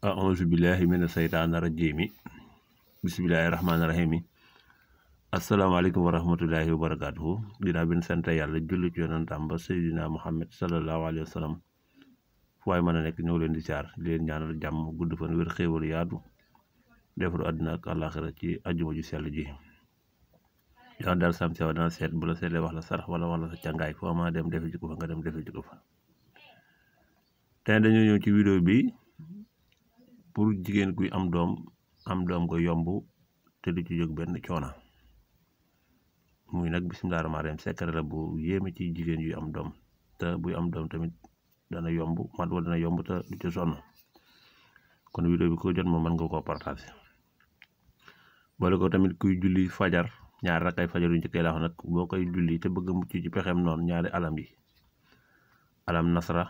auzu billahi mina seytaani rajiimi bismillahi rahmaani rahiimi asalaamaaleykum wa rahmatullahi wa barakaatuhu dinaa bin sant yàlla julli ci yonantam ba seydina muhammad salallaahu alayhi wa sallam fu mën a nekk ñëw leen di saar di leen ñaanal jàmm gudd fan wér xéewal yaatu defaru àddina ak àllaaxira ci ajuma ju sell ji yow daal sam sewa dana seet bu la seetlee wax la sarax wala wax la sa càngaay foo ma dem defe ji fa nga dem defe ji fa tey pour jigéen guy am doom am doom nga yomb te du ci jog benn coona muy nag bisimilah rahmaani rahiim secret la bu yéeme ci jigéen yu am doom te buy am doom tamit dana yomb mat wala dana yomb te du ci sonn kon vidéo bi ko jot moom mën nga ko partager boole ko tamit kuy julli fajar ñaari rakkay fajar yu njëkkee la nag boo koy julli te bëgg mucc ci pexem noonu ñaari alam yi alam nasra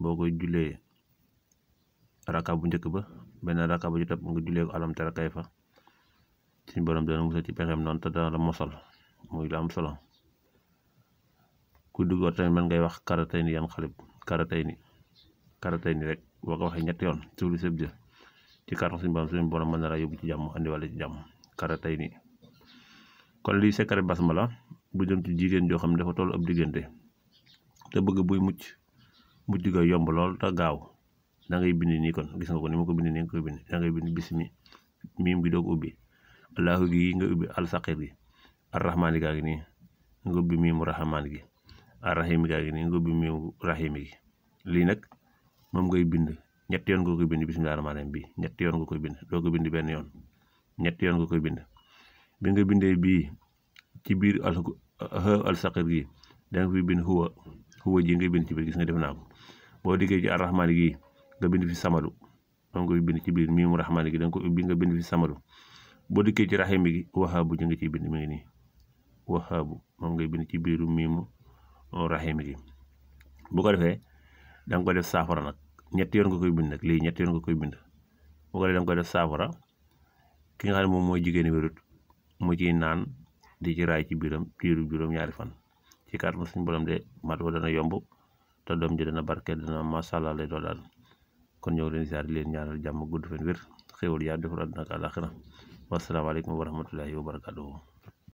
boo koy jullee raka bu njëkk ba benn raka ba ju topp nga jullee ko alam tara kayfa suñ borom dana musal ci pexeem noonu te dana mosal muy la am solo ku duggoon tamit mën ngay wax karatay ni yan xalib karatay ni karatay ni rek boo ko waxee ñetti yoon suuf lu sëb ci kàttan suñu borom suñu borom la jàmm andiwaale ci jàmm kon lii secret basmala bu jëm ci jigéen joo xam ne dafa toll ab diggante te bëgg buy mucc mucc ga yomb lool te gaaw. da ngay bind nii kon gis nga ko ni ma ko bind nii nga koy bind da ngay miim gi doog ubbi allahu gi nga ubbi alsaqir gi gi nii nga gaa gi nii nga ubbi miimu rahimi gi lii nag moom ngay bind ñetti yoon nga bind bismillahi rahmaani rahim bii ñetti yoon ko bind benn yoon ñetti yoon nga koy bind bi nga bindee bii ci biir al alsaqir gi da fi bind xuwa xuwa ji ngay bind ci biir gis nga def naa ko boo diggee ci arrahmaani gi nga bind fi samalu moom nga bind ci biir miimu raxmaani gi da nga ko ubbi nga bind fi samalu boo dikkee ci raxiimi gi waxaabu ji nga ciy bind mi ngi nii waxaabu moom ngay bind ci biiru miimu uh, raxiimi gi bu ko defee da nga ko def saafara nag ñetti yoon nga koy bind nag lii ñetti yoon nga koy bind bu ko defee da nga koy def saafara ki nga xam ne moom mooy jigéen wérut mu ciy naan di ci raay ci biiram diiru juróom-ñaari fan ci kàttan suñu borom de mat wa dana yomb te doom ji dana barke dana masala lay daal kon ñoo leen siyaar di leen ñaanal jàmm gudd fan wér xéwal yaa defar àdduna ak àllaaxira wasalaamaaleykum wa rahmatullahi wa barakaatuhu